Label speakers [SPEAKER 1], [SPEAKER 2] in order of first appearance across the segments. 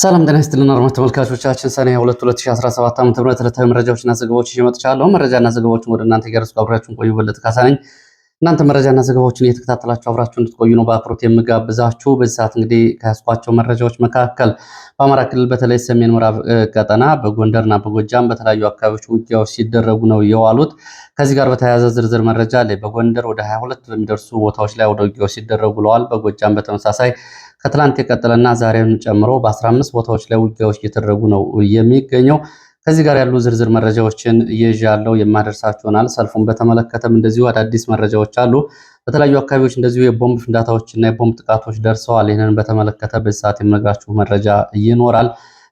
[SPEAKER 1] ሰላም ጤና ይስጥልን አድማጭ ተመልካቾቻችን ሰኔ 2 2017 ዓ.ም ዕለታዊ መረጃዎችና ዘገባዎች ይዤ መጥቻለሁ። መረጃና ዘገባዎችን ወደ እናንተ እያደረስኩ አብራችሁን ቆዩ። በለጠ ካሳ ነኝ። እናንተ መረጃና ዘገባዎችን እየተከታተላችሁ አብራችሁ እንድትቆዩ ነው በአክብሮት የምጋብዛችሁ። በዚህ ሰዓት እንግዲህ ከያዝኳቸው መረጃዎች መካከል በአማራ ክልል በተለይ ሰሜን ምዕራብ ቀጠና በጎንደርና በጎጃም በተለያዩ አካባቢዎች ውጊያዎች ሲደረጉ ነው የዋሉት። ከዚህ ጋር በተያያዘ ዝርዝር መረጃ ላይ በጎንደር ወደ 22 በሚደርሱ ቦታዎች ላይ ወደ ውጊያዎች ሲደረጉ ለዋል። በጎጃም በተመሳሳይ ከትላንት የቀጠለና ዛሬም ጨምሮ በ15 ቦታዎች ላይ ውጊያዎች እየተደረጉ ነው የሚገኘው። ከዚህ ጋር ያሉ ዝርዝር መረጃዎችን ይዣለሁ የማደርሳችሁናል። ሰልፉን በተመለከተም እንደዚሁ አዳዲስ መረጃዎች አሉ። በተለያዩ አካባቢዎች እንደዚሁ የቦምብ ፍንዳታዎችና የቦምብ ጥቃቶች ደርሰዋል። ይህንን በተመለከተ በዚህ ሰዓት የምነግራችሁ መረጃ ይኖራል።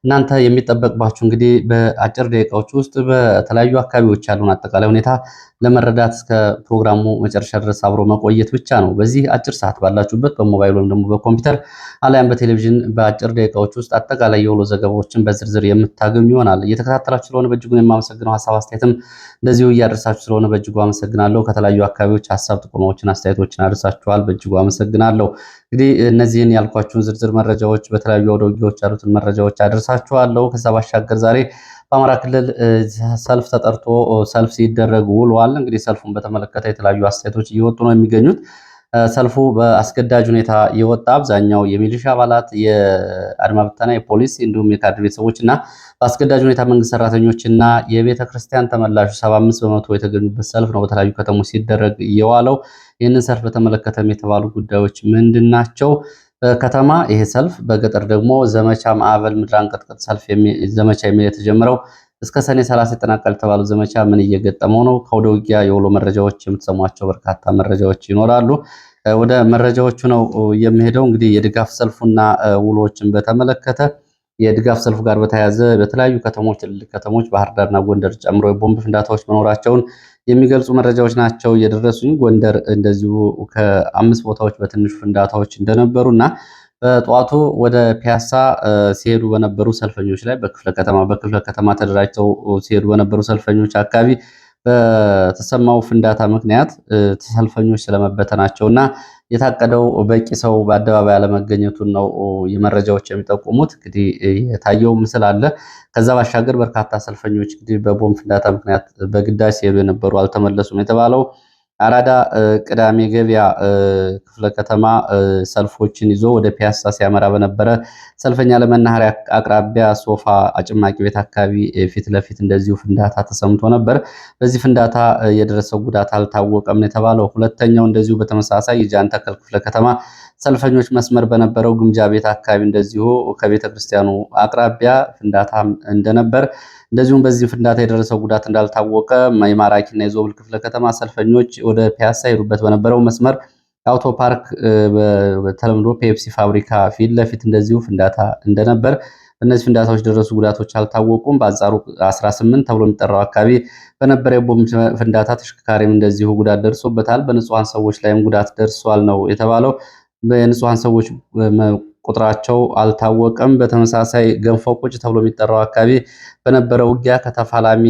[SPEAKER 1] እናንተ የሚጠበቅባችሁ እንግዲህ በአጭር ደቂቃዎች ውስጥ በተለያዩ አካባቢዎች ያለውን አጠቃላይ ሁኔታ ለመረዳት እስከ ፕሮግራሙ መጨረሻ ድረስ አብሮ መቆየት ብቻ ነው። በዚህ አጭር ሰዓት ባላችሁበት በሞባይል ወይም ደግሞ በኮምፒውተር አሊያም በቴሌቪዥን በአጭር ደቂቃዎች ውስጥ አጠቃላይ የውሎ ዘገባዎችን በዝርዝር የምታገኙ ይሆናል። እየተከታተላችሁ ስለሆነ በእጅጉን የማመሰግነው። ሀሳብ አስተያየትም እንደዚሁ እያደረሳችሁ ስለሆነ በእጅጉ አመሰግናለሁ። ከተለያዩ አካባቢዎች ሀሳብ ጥቆማዎችን፣ አስተያየቶችን አድርሳችኋል። በእጅጉ አመሰግናለሁ። እንግዲህ እነዚህን ያልኳችሁን ዝርዝር መረጃዎች በተለያዩ አውደ ያሉትን መረጃዎች አደርሳችኋለሁ። ከዛ ባሻገር ዛሬ በአማራ ክልል ሰልፍ ተጠርቶ ሰልፍ ሲደረግ ውሏል። እንግዲህ ሰልፉን በተመለከተ የተለያዩ አስተያየቶች እየወጡ ነው የሚገኙት። ሰልፉ በአስገዳጅ ሁኔታ የወጣ አብዛኛው የሚሊሻ አባላት የአድማ ብተና፣ የፖሊስ እንዲሁም የካድሬ ቤተሰቦች እና በአስገዳጅ ሁኔታ መንግስት ሰራተኞች እና የቤተ ክርስቲያን ተመላሹ ሰባ አምስት በመቶ የተገኙበት ሰልፍ ነው በተለያዩ ከተሞች ሲደረግ የዋለው። ይህንን ሰልፍ በተመለከተም የተባሉ ጉዳዮች ምንድን ናቸው? በከተማ ይሄ ሰልፍ፣ በገጠር ደግሞ ዘመቻ ማዕበል ምድር ሰልፍ ዘመቻ የሚል የተጀመረው እስከ ሰኔ 30 ይጠናቀቃል የተባለው ዘመቻ ምን እየገጠመው ነው? ከወደ ውጊያ የውሎ መረጃዎች የምትሰሟቸው በርካታ መረጃዎች ይኖራሉ። ወደ መረጃዎቹ ነው የሚሄደው። እንግዲህ የድጋፍ ሰልፉና ውሎችን በተመለከተ የድጋፍ ሰልፉ ጋር በተያያዘ በተለያዩ ከተሞች ትልልቅ ከተሞች ባህር ዳርና ጎንደር ጨምሮ የቦምብ ፍንዳታዎች መኖራቸውን የሚገልጹ መረጃዎች ናቸው እየደረሱኝ። ጎንደር እንደዚሁ ከአምስት ቦታዎች በትንሹ ፍንዳታዎች እንደነበሩ እና በጠዋቱ ወደ ፒያሳ ሲሄዱ በነበሩ ሰልፈኞች ላይ በክፍለ ከተማ በክፍለ ከተማ ተደራጅተው ሲሄዱ በነበሩ ሰልፈኞች አካባቢ በተሰማው ፍንዳታ ምክንያት ሰልፈኞች ስለመበተናቸው እና የታቀደው በቂ ሰው በአደባባይ አለመገኘቱን ነው የመረጃዎች የሚጠቁሙት። እንግዲህ የታየው ምስል አለ። ከዛ ባሻገር በርካታ ሰልፈኞች እንግዲህ በቦምብ ፍንዳታ ምክንያት በግዳጅ ሲሄዱ የነበሩ አልተመለሱም የተባለው አራዳ ቅዳሜ ገበያ ክፍለ ከተማ ሰልፎችን ይዞ ወደ ፒያሳ ሲያመራ በነበረ ሰልፈኛ ለመናኸሪያ አቅራቢያ ሶፋ አጭማቂ ቤት አካባቢ ፊት ለፊት እንደዚሁ ፍንዳታ ተሰምቶ ነበር። በዚህ ፍንዳታ የደረሰው ጉዳት አልታወቀም ነው የተባለው። ሁለተኛው እንደዚሁ በተመሳሳይ የጃንተከል ክፍለ ከተማ ሰልፈኞች መስመር በነበረው ግምጃ ቤት አካባቢ እንደዚሁ ከቤተክርስቲያኑ አቅራቢያ ፍንዳታ እንደነበር እንደዚሁም በዚህ ፍንዳታ የደረሰው ጉዳት እንዳልታወቀ የማራኪና የዞብል ክፍለ ከተማ ሰልፈኞች ወደ ፒያሳ ሄዱበት በነበረው መስመር አውቶ ፓርክ በተለምዶ ፔፕሲ ፋብሪካ ፊት ለፊት እንደዚሁ ፍንዳታ እንደነበር እነዚህ ፍንዳታዎች ደረሱ ጉዳቶች አልታወቁም። በአንጻሩ 18 ተብሎ የሚጠራው አካባቢ በነበረ የቦምብ ፍንዳታ ተሽከርካሪም እንደዚሁ ጉዳት ደርሶበታል። በንጹሐን ሰዎች ላይም ጉዳት ደርሷል ነው የተባለው። የንጹሐን ሰዎች ቁጥራቸው አልታወቀም። በተመሳሳይ ገንፎ ቁጭ ተብሎ የሚጠራው አካባቢ በነበረ ውጊያ ከተፋላሚ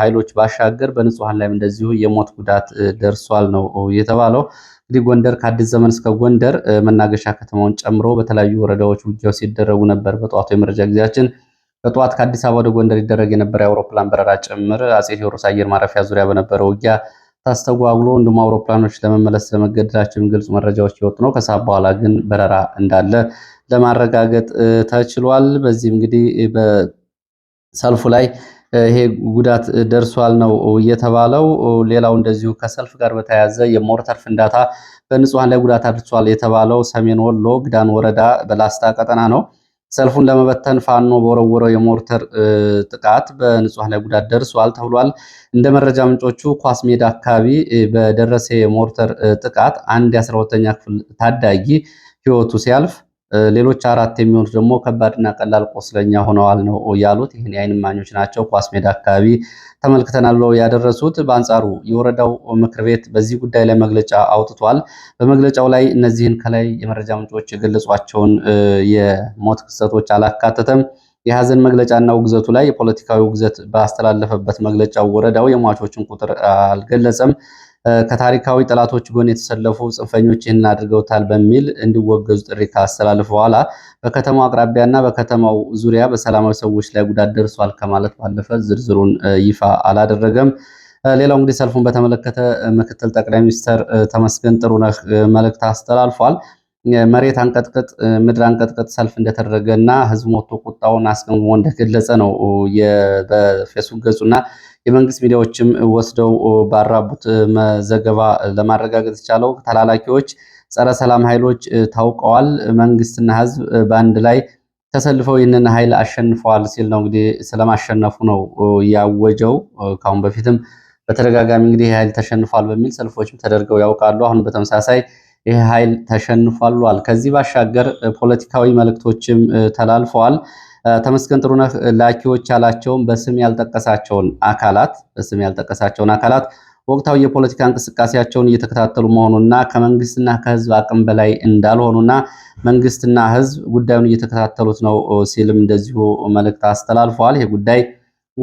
[SPEAKER 1] ኃይሎች ባሻገር በንጹሐን ላይም እንደዚሁ የሞት ጉዳት ደርሷል ነው የተባለው። እንግዲህ ጎንደር ከአዲስ ዘመን እስከ ጎንደር መናገሻ ከተማውን ጨምሮ በተለያዩ ወረዳዎች ውጊያው ሲደረጉ ነበር። በጠዋቱ የመረጃ ጊዜያችን በጠዋት ከአዲስ አበባ ወደ ጎንደር ይደረግ የነበረ የአውሮፕላን በረራ ጭምር አጼ ቴዎድሮስ አየር ማረፊያ ዙሪያ በነበረው ውጊያ ታስተጓጉሎ እንዲሁም አውሮፕላኖች ለመመለስ ስለመገደዳቸውም ግልጽ መረጃዎች የወጡ ነው። ከሰዓት በኋላ ግን በረራ እንዳለ ለማረጋገጥ ተችሏል። በዚህም እንግዲህ በሰልፉ ላይ ይሄ ጉዳት ደርሷል ነው የተባለው። ሌላው እንደዚሁ ከሰልፍ ጋር በተያያዘ የሞርተር ፍንዳታ በንጹሐን ላይ ጉዳት አድርሷል የተባለው ሰሜን ወሎ ግዳን ወረዳ በላስታ ቀጠና ነው። ሰልፉን ለመበተን ፋኖ በወረወረው የሞርተር ጥቃት በንጹህ ላይ ጉዳት ደርሷል ተብሏል። እንደ መረጃ ምንጮቹ ኳስ ሜዳ አካባቢ በደረሰ የሞርተር ጥቃት አንድ የአስራ ሁለተኛ ክፍል ታዳጊ ህይወቱ ሲያልፍ ሌሎች አራት የሚሆኑት ደግሞ ከባድና ቀላል ቆስለኛ ሆነዋል ነው ያሉት። ይህን የዓይን እማኞች ናቸው። ኳስ ሜዳ አካባቢ ተመልክተናል ብለው ያደረሱት። በአንጻሩ የወረዳው ምክር ቤት በዚህ ጉዳይ ላይ መግለጫ አውጥቷል። በመግለጫው ላይ እነዚህን ከላይ የመረጃ ምንጮች የገለጿቸውን የሞት ክስተቶች አላካተተም። የሀዘን መግለጫና ውግዘቱ ላይ የፖለቲካዊ ውግዘት ባስተላለፈበት መግለጫው ወረዳው የሟቾችን ቁጥር አልገለጸም። ከታሪካዊ ጠላቶች ጎን የተሰለፉ ጽንፈኞች ይህንን አድርገውታል በሚል እንዲወገዙ ጥሪ ካስተላለፉ በኋላ በከተማው አቅራቢያና በከተማው ዙሪያ በሰላማዊ ሰዎች ላይ ጉዳት ደርሷል ከማለት ባለፈ ዝርዝሩን ይፋ አላደረገም። ሌላው እንግዲህ ሰልፉን በተመለከተ ምክትል ጠቅላይ ሚኒስትር ተመስገን ጥሩነህ መልእክት አስተላልፏል። መሬት አንቀጥቅጥ ምድር አንቀጥቅጥ ሰልፍ እንደተደረገ እና ህዝብ ሞቶ ቁጣውን አስገንግሞ እንደገለጸ ነው በፌስቡክ ገጹና የመንግስት ሚዲያዎችም ወስደው ባራቡት ዘገባ ለማረጋገጥ የቻለው ተላላኪዎች ጸረ ሰላም ኃይሎች ታውቀዋል፣ መንግስትና ህዝብ በአንድ ላይ ተሰልፈው ይህንን ኃይል አሸንፈዋል ሲል ነው እንግዲህ ስለማሸነፉ ነው ያወጀው። ከአሁን በፊትም በተደጋጋሚ እንግዲህ ይህ ኃይል ተሸንፏል በሚል ሰልፎችም ተደርገው ያውቃሉ። አሁን በተመሳሳይ ይህ ኃይል ተሸንፏል። ከዚህ ባሻገር ፖለቲካዊ መልእክቶችም ተላልፈዋል። ተመስገን ጥሩነህ ላኪዎች ያላቸውን በስም ያልጠቀሳቸውን አካላት በስም ያልጠቀሳቸውን አካላት ወቅታዊ የፖለቲካ እንቅስቃሴያቸውን እየተከታተሉ መሆኑና ከመንግስትና ከህዝብ አቅም በላይ እንዳልሆኑና መንግስትና ህዝብ ጉዳዩን እየተከታተሉት ነው ሲልም እንደዚሁ መልእክት አስተላልፈዋል። ይህ ጉዳይ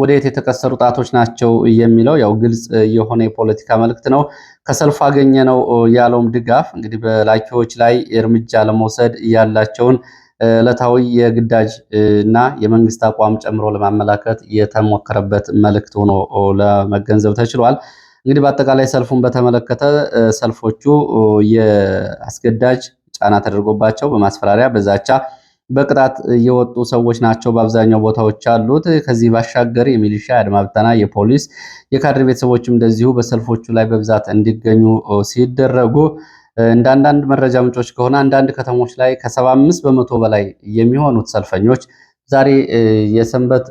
[SPEAKER 1] ወደየት የተቀሰሩ ጣቶች ናቸው የሚለው ያው ግልጽ የሆነ የፖለቲካ መልእክት ነው። ከሰልፉ አገኘ ነው ያለውም ድጋፍ እንግዲህ በላኪዎች ላይ እርምጃ ለመውሰድ ያላቸውን ዕለታዊ የግዳጅ እና የመንግስት አቋም ጨምሮ ለማመላከት የተሞከረበት መልእክት ሆኖ ለመገንዘብ ተችሏል። እንግዲህ በአጠቃላይ ሰልፉን በተመለከተ ሰልፎቹ የአስገዳጅ ጫና ተደርጎባቸው በማስፈራሪያ በዛቻ በቅጣት የወጡ ሰዎች ናቸው በአብዛኛው ቦታዎች አሉት ከዚህ ባሻገር የሚሊሻ የአድማ ብተና፣ የፖሊስ፣ የካድሬ ቤተሰቦችም እንደዚሁ በሰልፎቹ ላይ በብዛት እንዲገኙ ሲደረጉ እንደ አንዳንድ መረጃ ምንጮች ከሆነ አንዳንድ ከተሞች ላይ ከ75 በመቶ በላይ የሚሆኑት ሰልፈኞች ዛሬ የሰንበት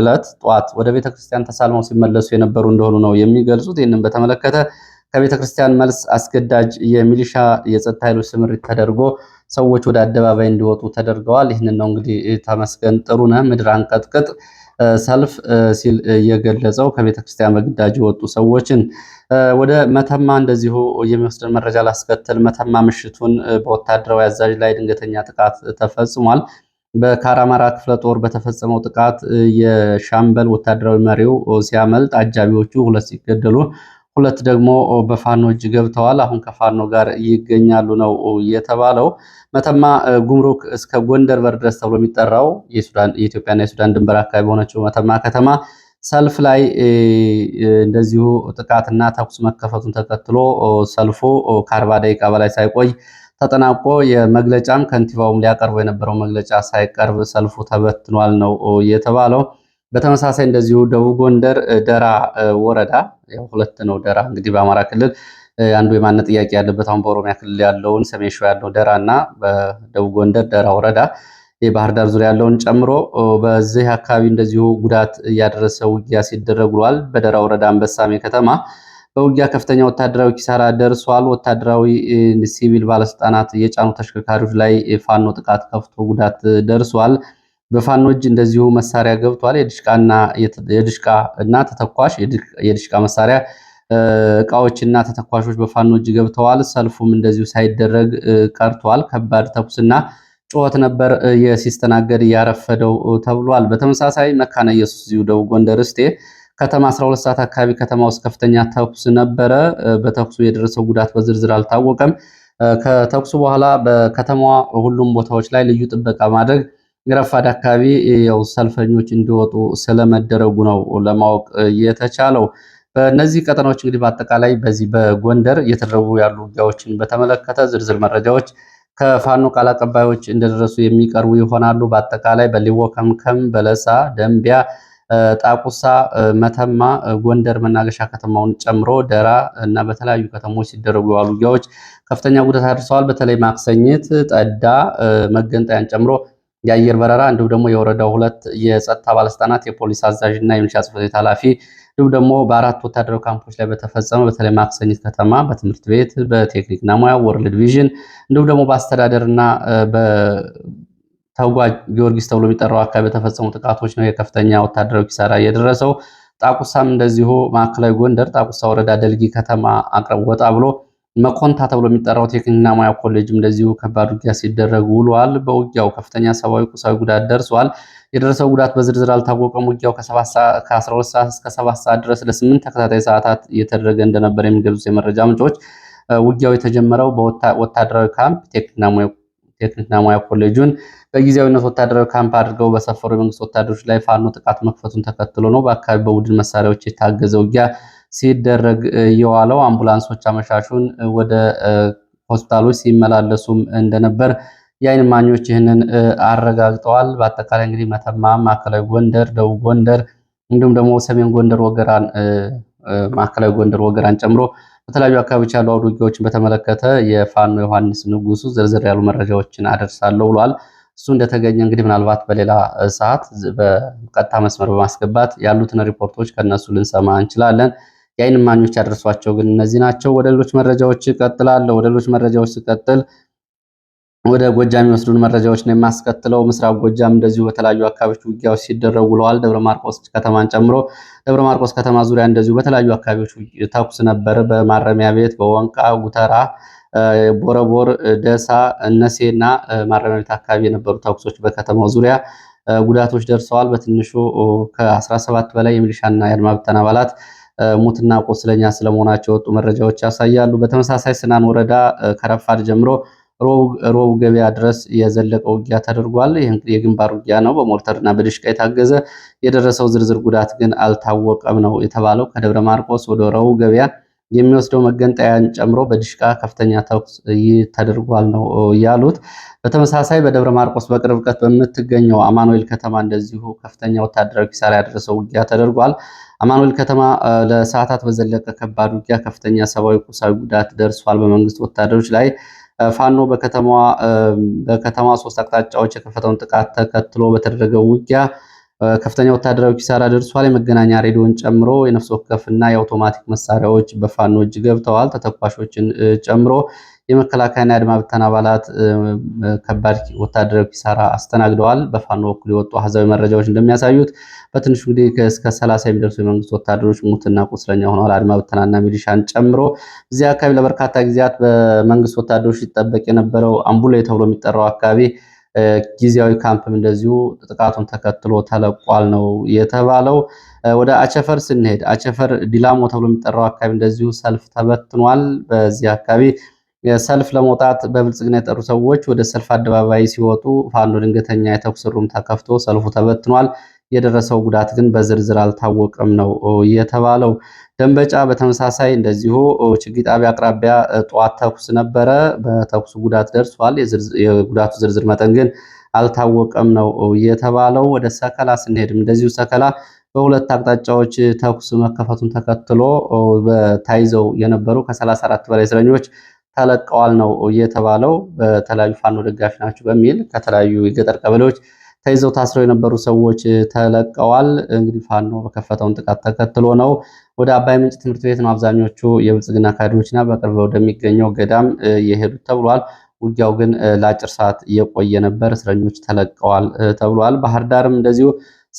[SPEAKER 1] ዕለት ጠዋት ወደ ቤተ ክርስቲያን ተሳልመው ሲመለሱ የነበሩ እንደሆኑ ነው የሚገልጹት። ይህንን በተመለከተ ከቤተ ክርስቲያን መልስ አስገዳጅ የሚሊሻ የጸጥታ ኃይሎች ስምሪት ተደርጎ ሰዎች ወደ አደባባይ እንዲወጡ ተደርገዋል። ይህንን ነው እንግዲህ ተመስገን ጥሩነህ ምድር አንቀጥቅጥ ሰልፍ ሲል የገለጸው ከቤተክርስቲያን በግዳጅ የወጡ ሰዎችን ወደ መተማ እንደዚሁ የሚወስድን መረጃ ላስከትል። መተማ ምሽቱን በወታደራዊ አዛዥ ላይ ድንገተኛ ጥቃት ተፈጽሟል። በካራማራ ክፍለ ጦር በተፈጸመው ጥቃት የሻምበል ወታደራዊ መሪው ሲያመልጥ አጃቢዎቹ ሁለት ሲገደሉ ሁለት ደግሞ በፋኖ እጅ ገብተዋል። አሁን ከፋኖ ጋር ይገኛሉ ነው የተባለው። መተማ ጉምሩክ እስከ ጎንደር በር ድረስ ተብሎ የሚጠራው የኢትዮጵያና የሱዳን ድንበር አካባቢ በሆነችው መተማ ከተማ ሰልፍ ላይ እንደዚሁ ጥቃትና ተኩስ መከፈቱን ተከትሎ ሰልፉ ከአርባ ደቂቃ በላይ ሳይቆይ ተጠናቆ የመግለጫም ከንቲባውም ሊያቀርበው የነበረው መግለጫ ሳይቀርብ ሰልፉ ተበትኗል ነው የተባለው። በተመሳሳይ እንደዚሁ ደቡብ ጎንደር ደራ ወረዳ ያው ሁለት ነው። ደራ እንግዲህ በአማራ ክልል አንዱ የማንነት ጥያቄ ያለበት አሁን በኦሮሚያ ክልል ያለውን ሰሜን ሸዋ ያለው ደራ እና በደቡብ ጎንደር ደራ ወረዳ የባህር ዳር ዙሪያ ያለውን ጨምሮ በዚህ አካባቢ እንደዚሁ ጉዳት እያደረሰ ውጊያ ሲደረግ ውሏል። በደራ ወረዳ አንበሳሜ ከተማ በውጊያ ከፍተኛ ወታደራዊ ኪሳራ ደርሷል። ወታደራዊ ሲቪል ባለስልጣናት የጫኑ ተሽከርካሪዎች ላይ ፋኖ ጥቃት ከፍቶ ጉዳት ደርሷል። በፋኖ እጅ እንደዚሁ መሳሪያ ገብቷል። የድሽቃ እና ተተኳሽ የድሽቃ መሳሪያ እቃዎች እና ተተኳሾች በፋኖ እጅ ገብተዋል። ሰልፉም እንደዚሁ ሳይደረግ ቀርቷል። ከባድ ተኩስና ጩኸት ነበር የሲስተናገድ ያረፈደው ተብሏል። በተመሳሳይ መካነ ኢየሱስ እዚሁ ደቡብ ጎንደር እስቴ ከተማ 12 ሰዓት አካባቢ ከተማ ውስጥ ከፍተኛ ተኩስ ነበረ። በተኩሱ የደረሰው ጉዳት በዝርዝር አልታወቀም። ከተኩሱ በኋላ በከተማዋ ሁሉም ቦታዎች ላይ ልዩ ጥበቃ ማድረግ ረፋድ አካባቢ ያው ሰልፈኞች እንዲወጡ ስለመደረጉ ነው ለማወቅ የተቻለው። በእነዚህ ቀጠናዎች እንግዲህ በአጠቃላይ በዚህ በጎንደር እየተደረጉ ያሉ ውጊያዎችን በተመለከተ ዝርዝር መረጃዎች ከፋኖ ቃል አቀባዮች እንደደረሱ የሚቀርቡ ይሆናሉ። በአጠቃላይ በሊቦ ከምከም፣ በለሳ፣ ደንቢያ፣ ጣቁሳ፣ መተማ፣ ጎንደር መናገሻ ከተማውን ጨምሮ ደራ እና በተለያዩ ከተሞች ሲደረጉ የዋሉ ውጊያዎች ከፍተኛ ጉዳት አድርሰዋል። በተለይ ማክሰኝት፣ ጠዳ መገንጠያን ጨምሮ የአየር በረራ እንዲሁም ደግሞ የወረዳው ሁለት የጸጥታ ባለስልጣናት የፖሊስ አዛዥ እና የሚሊሻ ጽሕፈት ቤት ኃላፊ እንዲሁም ደግሞ በአራት ወታደራዊ ካምፖች ላይ በተፈጸመ በተለይ ማክሰኝት ከተማ በትምህርት ቤት በቴክኒክና ሙያ ወርልድ ዲቪዥን እንዲሁም ደግሞ በአስተዳደርና በተጓጅ ጊዮርጊስ ተብሎ የሚጠራው አካባቢ በተፈጸሙ ጥቃቶች ነው የከፍተኛ ወታደራዊ ኪሳራ እየደረሰው። ጣቁሳም እንደዚሁ ማዕከላዊ ጎንደር ጣቁሳ ወረዳ ደልጊ ከተማ አቅረብ ወጣ ብሎ መኮንታ ተብሎ የሚጠራው ቴክኒክና ሙያ ኮሌጅ እንደዚሁ ከባድ ውጊያ ሲደረግ ውሏል። በውጊያው ከፍተኛ ሰብአዊ፣ ቁሳዊ ጉዳት ደርሷል። የደረሰው ጉዳት በዝርዝር አልታወቀም። ውጊያው ከ12 ሰዓት እስከ 7 ሰዓት ድረስ ለስምንት ተከታታይ ሰዓታት እየተደረገ እንደነበር የሚገልጹት የመረጃ ምንጮች ውጊያው የተጀመረው በወታደራዊ ካምፕ ቴክኒክና ሙያ ኮሌጁን በጊዜያዊነት ወታደራዊ ካምፕ አድርገው በሰፈሩ የመንግስት ወታደሮች ላይ ፋኖ ጥቃት መክፈቱን ተከትሎ ነው። በአካባቢ በቡድን መሳሪያዎች የታገዘ ውጊያ ሲደረግ የዋለው አምቡላንሶች አመሻሹን ወደ ሆስፒታሎች ሲመላለሱም እንደነበር የዓይን ማኞች ይህንን አረጋግጠዋል። በአጠቃላይ እንግዲህ መተማ፣ ማዕከላዊ ጎንደር፣ ደቡብ ጎንደር እንዲሁም ደግሞ ሰሜን ጎንደር ወገራን ማዕከላዊ ጎንደር ወገራን ጨምሮ በተለያዩ አካባቢዎች ያሉ አውደ ውጊያዎችን በተመለከተ የፋኖ ዮሐንስ ንጉሱ ዝርዝር ያሉ መረጃዎችን አደርሳለሁ ብሏል። እሱ እንደተገኘ እንግዲህ ምናልባት በሌላ ሰዓት በቀጥታ መስመር በማስገባት ያሉትን ሪፖርቶች ከነሱ ልንሰማ እንችላለን። የአይን ማኞች ያደረሷቸው ግን እነዚህ ናቸው። ወደ ሌሎች መረጃዎች እቀጥላለሁ። ወደ ሌሎች መረጃዎች ስቀጥል ወደ ጎጃም የሚወስዱን መረጃዎች ነው የማስከትለው። ምስራቅ ጎጃም እንደዚሁ በተለያዩ አካባቢዎች ውጊያዎች ሲደረጉ ውለዋል። ደብረ ማርቆስ ከተማን ጨምሮ ደብረ ማርቆስ ከተማ ዙሪያ እንደዚሁ በተለያዩ አካባቢዎች ተኩስ ነበር። በማረሚያ ቤት፣ በወንቃ ጉተራ፣ ቦረቦር፣ ደሳ፣ እና ማረሚያ ቤት አካባቢ የነበሩ ተኩሶች በከተማው ዙሪያ ጉዳቶች ደርሰዋል። በትንሹ ከ17 በላይ የሚሊሻና የአድማ ብተና አባላት ሙትና ቁስለኛ ስለመሆናቸው የወጡ መረጃዎች ያሳያሉ። በተመሳሳይ ስናን ወረዳ ከረፋድ ጀምሮ ሮብ ገበያ ድረስ የዘለቀ ውጊያ ተደርጓል። ይህ እንግዲህ የግንባር ውጊያ ነው። በሞርተርና በድሽቃ የታገዘ የደረሰው ዝርዝር ጉዳት ግን አልታወቀም ነው የተባለው። ከደብረ ማርቆስ ወደ ረቡ ገበያ የሚወስደው መገንጠያን ጨምሮ በድሽቃ ከፍተኛ ተኩስ ተደርጓል ነው ያሉት። በተመሳሳይ በደብረ ማርቆስ በቅርብ ርቀት በምትገኘው አማኑኤል ከተማ እንደዚሁ ከፍተኛ ወታደራዊ ኪሳራ ያደረሰው ውጊያ ተደርጓል። አማኑኤል ከተማ ለሰዓታት በዘለቀ ከባድ ውጊያ ከፍተኛ ሰብአዊ፣ ቁሳዊ ጉዳት ደርሷል። በመንግስት ወታደሮች ላይ ፋኖ በከተማ ሶስት አቅጣጫዎች የከፈተውን ጥቃት ተከትሎ በተደረገው ውጊያ ከፍተኛ ወታደራዊ ኪሳራ ደርሷል። የመገናኛ ሬዲዮን ጨምሮ የነፍስ ወከፍና የአውቶማቲክ መሳሪያዎች በፋኖ እጅ ገብተዋል። ተተኳሾችን ጨምሮ የመከላከያና የአድማ ብተና አባላት ከባድ ወታደራዊ ኪሳራ አስተናግደዋል። በፋኖ በኩል የወጡ አሃዛዊ መረጃዎች እንደሚያሳዩት በትንሹ እንግዲህ እስከ ሰላሳ የሚደርሱ የመንግስት ወታደሮች ሙትና ቁስለኛ ሆነዋል። አድማ ብተናና ሚሊሻን ጨምሮ እዚህ አካባቢ ለበርካታ ጊዜያት በመንግስት ወታደሮች ሲጠበቅ የነበረው አምቡሌ ተብሎ የሚጠራው አካባቢ ጊዜያዊ ካምፕም እንደዚሁ ጥቃቱን ተከትሎ ተለቋል ነው የተባለው። ወደ አቸፈር ስንሄድ አቸፈር ዲላሞ ተብሎ የሚጠራው አካባቢ እንደዚሁ ሰልፍ ተበትኗል። በዚህ አካባቢ ሰልፍ ለመውጣት በብልጽግና የጠሩ ሰዎች ወደ ሰልፍ አደባባይ ሲወጡ ፋኖ ድንገተኛ የተኩስ ሩምታ ከፍቶ ሰልፉ ተበትኗል። የደረሰው ጉዳት ግን በዝርዝር አልታወቀም ነው የተባለው። ደንበጫ በተመሳሳይ እንደዚሁ ችግኝ ጣቢያ አቅራቢያ ጠዋት ተኩስ ነበረ። በተኩሱ ጉዳት ደርሷል። የጉዳቱ ዝርዝር መጠን ግን አልታወቀም ነው የተባለው። ወደ ሰከላ ስንሄድም እንደዚሁ ሰከላ በሁለት አቅጣጫዎች ተኩስ መከፈቱን ተከትሎ በታይዘው የነበሩ ከ34 በላይ እስረኞች ተለቀዋል ነው እየተባለው። በተለያዩ ፋኖ ደጋፊ ናቸው በሚል ከተለያዩ የገጠር ቀበሌዎች ተይዘው ታስረው የነበሩ ሰዎች ተለቀዋል። እንግዲህ ፋኖ በከፈተውን ጥቃት ተከትሎ ነው ወደ አባይ ምንጭ ትምህርት ቤት ነው አብዛኞቹ የብልጽግና ካድሬዎችና በቅርብ ወደሚገኘው ገዳም የሄዱት ተብሏል። ውጊያው ግን ለአጭር ሰዓት የቆየ ነበር። እስረኞች ተለቀዋል ተብሏል። ባህር ዳርም እንደዚሁ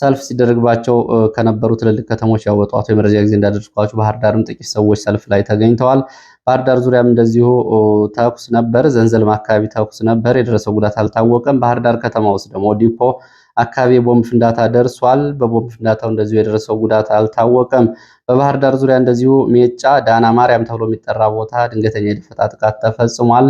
[SPEAKER 1] ሰልፍ ሲደረግባቸው ከነበሩ ትልልቅ ከተሞች ያወጧቸው የመረጃ ጊዜ እንዳደርስኳቸው ባህር ዳርም ጥቂት ሰዎች ሰልፍ ላይ ተገኝተዋል። ባህር ዳር ዙሪያም እንደዚሁ ተኩስ ነበር። ዘንዘልማ አካባቢ ተኩስ ነበር። የደረሰው ጉዳት አልታወቀም። ባህር ዳር ከተማ ውስጥ ደግሞ ዲፖ አካባቢ የቦምብ ፍንዳታ ደርሷል። በቦምብ ፍንዳታው እንደዚሁ የደረሰው ጉዳት አልታወቀም። በባህር ዳር ዙሪያ እንደዚሁ ሜጫ ዳና ማርያም ተብሎ የሚጠራ ቦታ ድንገተኛ የደፈጣ ጥቃት ተፈጽሟል።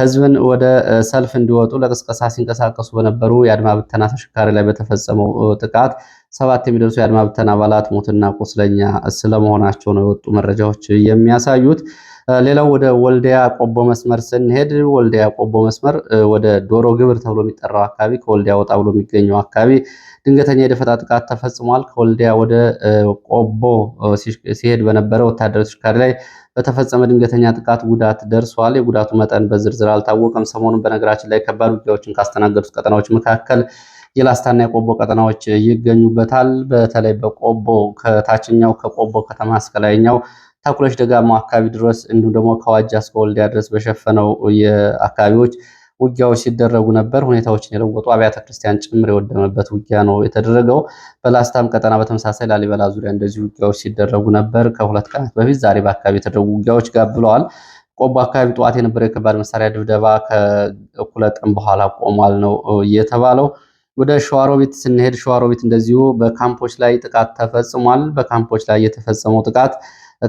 [SPEAKER 1] ህዝብን ወደ ሰልፍ እንዲወጡ ለቅስቀሳ ሲንቀሳቀሱ በነበሩ የአድማ ብተና ተሽካሪ ላይ በተፈጸመው ጥቃት ሰባት የሚደርሱ የአድማ ብተና አባላት ሞትና ቁስለኛ ስለመሆናቸው ነው የወጡ መረጃዎች የሚያሳዩት። ሌላው ወደ ወልዲያ ቆቦ መስመር ስንሄድ ወልዲያ ቆቦ መስመር ወደ ዶሮ ግብር ተብሎ የሚጠራው አካባቢ ከወልዲያ ወጣ ብሎ የሚገኘው አካባቢ ድንገተኛ የደፈጣ ጥቃት ተፈጽሟል። ከወልዲያ ወደ ቆቦ ሲሄድ በነበረ ወታደር ተሽከርካሪ ላይ በተፈጸመ ድንገተኛ ጥቃት ጉዳት ደርሷል። የጉዳቱ መጠን በዝርዝር አልታወቀም። ሰሞኑን በነገራችን ላይ ከባድ ውጊያዎችን ካስተናገዱት ቀጠናዎች መካከል የላስታና የቆቦ ቀጠናዎች ይገኙበታል። በተለይ በቆቦ ከታችኛው ከቆቦ ከተማ እስከ ላይኛው ተኩሎች ደጋማው አካባቢ ድረስ እንዲሁም ደግሞ ከዋጃ እስከ ወልዲያ ድረስ በሸፈነው የአካባቢዎች ውጊያዎች ሲደረጉ ነበር። ሁኔታዎችን የለወጡ አብያተ ክርስቲያን ጭምር የወደመበት ውጊያ ነው የተደረገው። በላስታም ቀጠና በተመሳሳይ ላሊበላ ዙሪያ እንደዚህ ውጊያዎች ሲደረጉ ነበር። ከሁለት ቀናት በፊት ዛሬ በአካባቢ የተደረጉ ውጊያዎች ጋብለዋል። ብለዋል። ቆቦ አካባቢ ጠዋት የነበረው የከባድ መሳሪያ ድብደባ ከእኩለ ቀን በኋላ ቆሟል ነው የተባለው። ወደ ሸዋሮቢት ስንሄድ ሸዋሮቢት እንደዚሁ በካምፖች ላይ ጥቃት ተፈጽሟል። በካምፖች ላይ የተፈጸመው ጥቃት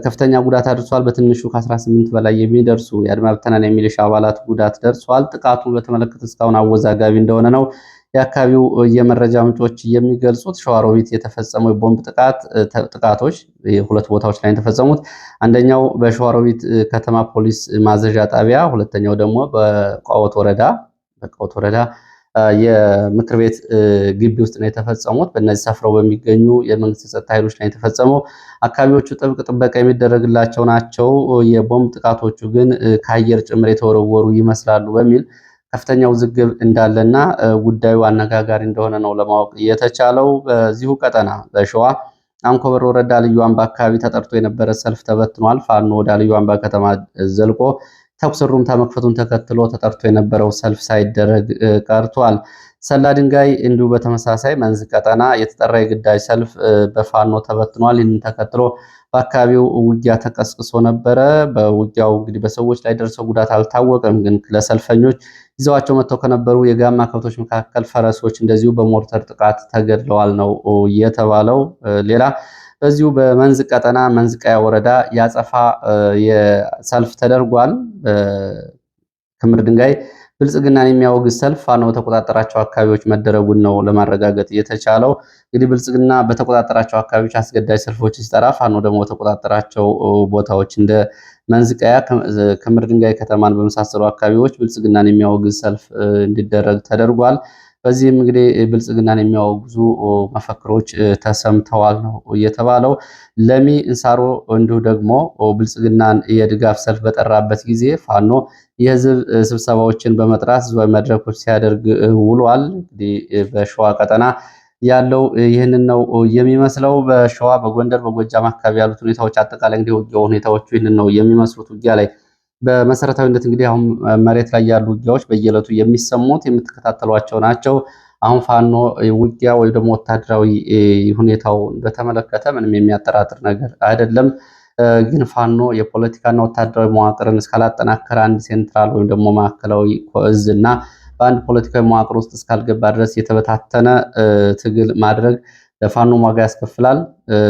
[SPEAKER 1] ከፍተኛ ጉዳት አድርሷል። በትንሹ ከ18 በላይ የሚደርሱ የአድማ ብተናን የሚሊሻ አባላት ጉዳት ደርሷል። ጥቃቱ በተመለከተ እስካሁን አወዛጋቢ እንደሆነ ነው የአካባቢው የመረጃ ምንጮች የሚገልጹት ሸዋሮቢት የተፈጸመው የቦምብ ጥቃት ጥቃቶች ሁለት ቦታዎች ላይ የተፈጸሙት አንደኛው በሸዋሮቢት ከተማ ፖሊስ ማዘዣ ጣቢያ፣ ሁለተኛው ደግሞ በቋወት ወረዳ በቋወት ወረዳ የምክር ቤት ግቢ ውስጥ ነው የተፈጸሙት። በእነዚህ ሰፍረው በሚገኙ የመንግስት የጸጥታ ኃይሎች ነው የተፈጸመው። አካባቢዎቹ ጥብቅ ጥበቃ የሚደረግላቸው ናቸው። የቦምብ ጥቃቶቹ ግን ከአየር ጭምር የተወረወሩ ይመስላሉ በሚል ከፍተኛ ውዝግብ እንዳለና ጉዳዩ አነጋጋሪ እንደሆነ ነው ለማወቅ የተቻለው። በዚሁ ቀጠና በሸዋ አንኮበር ወረዳ ልዩ አምባ አካባቢ ተጠርቶ የነበረ ሰልፍ ተበትኗል። ፋኖ ወደ ልዩ አምባ ከተማ ዘልቆ ተኩስ ሩምታ መክፈቱን ተከትሎ ተጠርቶ የነበረው ሰልፍ ሳይደረግ ቀርቷል። ሰላ ድንጋይ እንዲሁ በተመሳሳይ መንዝ ቀጠና የተጠራ የግዳጅ ሰልፍ በፋኖ ተበትኗል። ይህንን ተከትሎ በአካባቢው ውጊያ ተቀስቅሶ ነበረ። በውጊያው እንግዲህ በሰዎች ላይ ደርሰው ጉዳት አልታወቀም። ግን ለሰልፈኞች ይዘዋቸው መጥተው ከነበሩ የጋማ ከብቶች መካከል ፈረሶች እንደዚሁ በሞርተር ጥቃት ተገድለዋል ነው የተባለው። ሌላ በዚሁ በመንዝ ቀጠና መንዝ ቀያ ወረዳ ያጸፋ ሰልፍ ተደርጓል። ክምር ድንጋይ ብልጽግናን የሚያወግዝ ሰልፍ ፋኖ በተቆጣጠራቸው አካባቢዎች መደረጉን ነው ለማረጋገጥ የተቻለው። እንግዲህ ብልጽግና በተቆጣጠራቸው አካባቢዎች አስገዳጅ ሰልፎች ሲጠራ፣ ፋኖ ደግሞ በተቆጣጠራቸው ቦታዎች እንደ መንዝቀያ፣ ክምር ድንጋይ ከተማን በመሳሰሉ አካባቢዎች ብልጽግናን የሚያወግዝ ሰልፍ እንዲደረግ ተደርጓል። በዚህም እንግዲህ ብልጽግናን የሚያወግዙ መፈክሮች ተሰምተዋል ነው የተባለው። ለሚ እንሳሮ እንዲሁ ደግሞ ብልጽግናን የድጋፍ ሰልፍ በጠራበት ጊዜ ፋኖ የህዝብ ስብሰባዎችን በመጥራት ህዝባዊ መድረኮች ሲያደርግ ውሏል። እንግዲህ በሸዋ ቀጠና ያለው ይህንን ነው የሚመስለው። በሸዋ በጎንደር በጎጃም አካባቢ ያሉት ሁኔታዎች አጠቃላይ እንግዲህ ውጊያ ሁኔታዎቹ ይህንን ነው የሚመስሉት። ውጊያ ላይ በመሰረታዊነት እንግዲህ አሁን መሬት ላይ ያሉ ውጊያዎች በየዕለቱ የሚሰሙት የምትከታተሏቸው ናቸው። አሁን ፋኖ ውጊያ ወይም ደግሞ ወታደራዊ ሁኔታው በተመለከተ ምንም የሚያጠራጥር ነገር አይደለም። ግን ፋኖ የፖለቲካና ወታደራዊ መዋቅርን እስካላጠናከረ አንድ ሴንትራል ወይም ደግሞ ማዕከላዊ እዝ እና በአንድ ፖለቲካዊ መዋቅር ውስጥ እስካልገባ ድረስ የተበታተነ ትግል ማድረግ ለፋኖ ዋጋ ያስከፍላል፣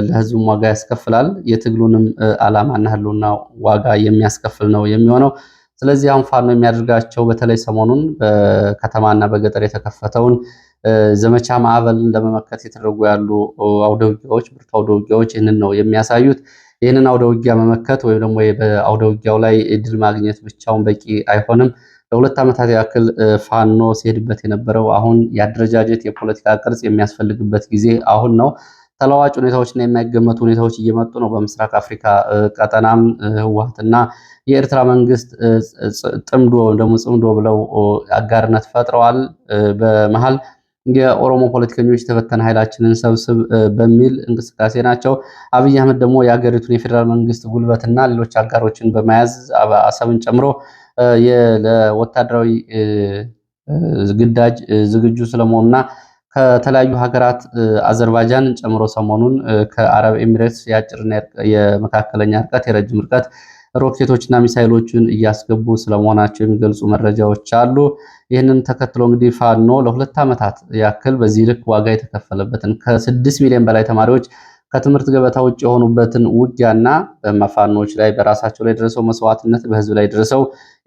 [SPEAKER 1] ለህዝቡም ዋጋ ያስከፍላል። የትግሉንም ዓላማና ህልውና ዋጋ የሚያስከፍል ነው የሚሆነው። ስለዚህ አሁን ፋኖ የሚያደርጋቸው በተለይ ሰሞኑን በከተማና በገጠር የተከፈተውን ዘመቻ ማዕበልን ለመመከት የተደረጉ ያሉ አውደውጊያዎች፣ ብርቱ አውደውጊያዎች ይህንን ነው የሚያሳዩት። ይህንን አውደውጊያ መመከት ወይም ደግሞ በአውደውጊያው ላይ ድል ማግኘት ብቻውን በቂ አይሆንም። ለሁለት ዓመታት ያክል ፋኖ ሲሄድበት የነበረው አሁን የአደረጃጀት የፖለቲካ ቅርጽ የሚያስፈልግበት ጊዜ አሁን ነው። ተለዋጭ ሁኔታዎችና የማይገመቱ ሁኔታዎች እየመጡ ነው። በምስራቅ አፍሪካ ቀጠናም ህወሓትና የኤርትራ መንግስት ጥምዶ ወይም ደግሞ ጽምዶ ብለው አጋርነት ፈጥረዋል። በመሀል የኦሮሞ ፖለቲከኞች የተበተነ ኃይላችንን ሰብስብ በሚል እንቅስቃሴ ናቸው። አብይ አህመድ ደግሞ የሀገሪቱን የፌዴራል መንግስት ጉልበትና ሌሎች አጋሮችን በመያዝ አሰብን ጨምሮ ለወታደራዊ ግዳጅ ዝግጁ ስለመሆኑና ከተለያዩ ሀገራት አዘርባጃንን ጨምሮ ሰሞኑን ከአረብ ኤሚሬትስ የአጭርና የመካከለኛ ርቀት የረጅም ርቀት ሮኬቶችና ሚሳይሎችን እያስገቡ ስለመሆናቸው የሚገልጹ መረጃዎች አሉ። ይህንን ተከትሎ እንግዲህ ፋኖ ለሁለት ዓመታት ያክል በዚህ ልክ ዋጋ የተከፈለበትን ከስድስት ሚሊዮን በላይ ተማሪዎች ከትምህርት ገበታ ውጭ የሆኑበትን ውጊያና በፋኖች ላይ በራሳቸው ላይ ደረሰው መስዋዕትነት በህዝብ ላይ ደረሰው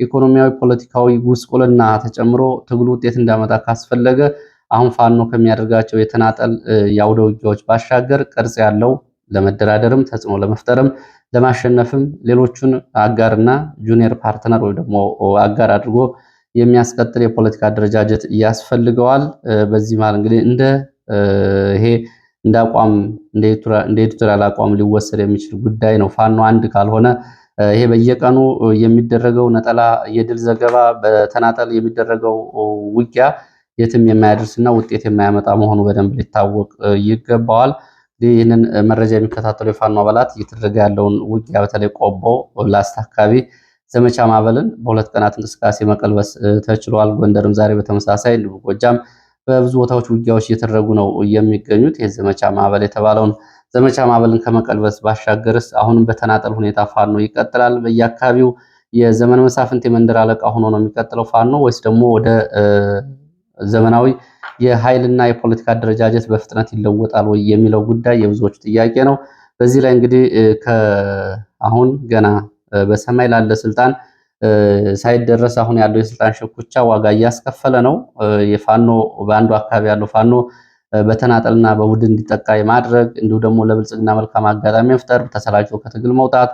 [SPEAKER 1] ኢኮኖሚያዊ፣ ፖለቲካዊ ጉስቁልና ተጨምሮ ትግሉ ውጤት እንዳመጣ ካስፈለገ አሁን ፋኖ ከሚያደርጋቸው የተናጠል የአውደ ውጊያዎች ባሻገር ቅርጽ ያለው ለመደራደርም ተጽዕኖ ለመፍጠርም ለማሸነፍም ሌሎቹን አጋርና ጁኒየር ፓርትነር ወይ ደግሞ አጋር አድርጎ የሚያስቀጥል የፖለቲካ አደረጃጀት ያስፈልገዋል። በዚህ መሃል እንግዲህ እንደ ይሄ እንደ አቋም እንደ ኤዲቶሪያል አቋም ሊወሰድ የሚችል ጉዳይ ነው። ፋኖ አንድ ካልሆነ ይሄ በየቀኑ የሚደረገው ነጠላ የድል ዘገባ፣ በተናጠል የሚደረገው ውጊያ የትም የማያደርስና ውጤት የማያመጣ መሆኑ በደንብ ሊታወቅ ይገባዋል። ይህንን መረጃ የሚከታተሉ የፋኖ አባላት እየተደረገ ያለውን ውጊያ በተለይ ቆቦ ላስታ አካባቢ ዘመቻ ማዕበልን በሁለት ቀናት እንቅስቃሴ መቀልበስ ተችሏል። ጎንደርም ዛሬ በተመሳሳይ፣ ደቡብ ጎጃም በብዙ ቦታዎች ውጊያዎች እየተደረጉ ነው የሚገኙት። ይህ ዘመቻ ማዕበል የተባለውን ዘመቻ ማዕበልን ከመቀልበስ ባሻገርስ አሁንም በተናጠል ሁኔታ ፋኖ ይቀጥላል። በየአካባቢው የዘመን መሳፍንት የመንደር አለቃ ሆኖ ነው የሚቀጥለው ፋኖ ወይስ ደግሞ ወደ ዘመናዊ የኃይልና የፖለቲካ አደረጃጀት በፍጥነት ይለወጣል ወይ የሚለው ጉዳይ የብዙዎች ጥያቄ ነው። በዚህ ላይ እንግዲህ ከአሁን ገና በሰማይ ላለ ስልጣን ሳይደረስ አሁን ያለው የስልጣን ሽኩቻ ዋጋ እያስከፈለ ነው። የፋኖ በአንዱ አካባቢ ያለው ፋኖ በተናጠልና በቡድን እንዲጠቃ የማድረግ እንዲሁ ደግሞ ለብልጽግና መልካም አጋጣሚ መፍጠር፣ ተሰላጆ ከትግል መውጣት፣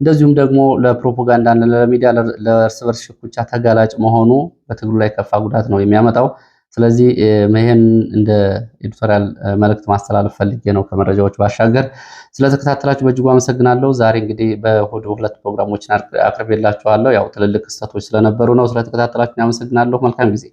[SPEAKER 1] እንደዚሁም ደግሞ ለፕሮፓጋንዳና ለሚዲያ ለእርስ በርስ ሽኩቻ ተጋላጭ መሆኑ በትግሉ ላይ ከፋ ጉዳት ነው የሚያመጣው። ስለዚህ ይህን እንደ ኤዲቶሪያል መልእክት ማስተላለፍ ፈልጌ ነው። ከመረጃዎች ባሻገር ስለተከታተላችሁ በእጅጉ አመሰግናለሁ። ዛሬ እንግዲህ በእሁድ ሁለት ፕሮግራሞችን አቅርቤላችኋለሁ። ያው ትልልቅ ክስተቶች ስለነበሩ ነው። ስለተከታተላችሁ አመሰግናለሁ። መልካም ጊዜ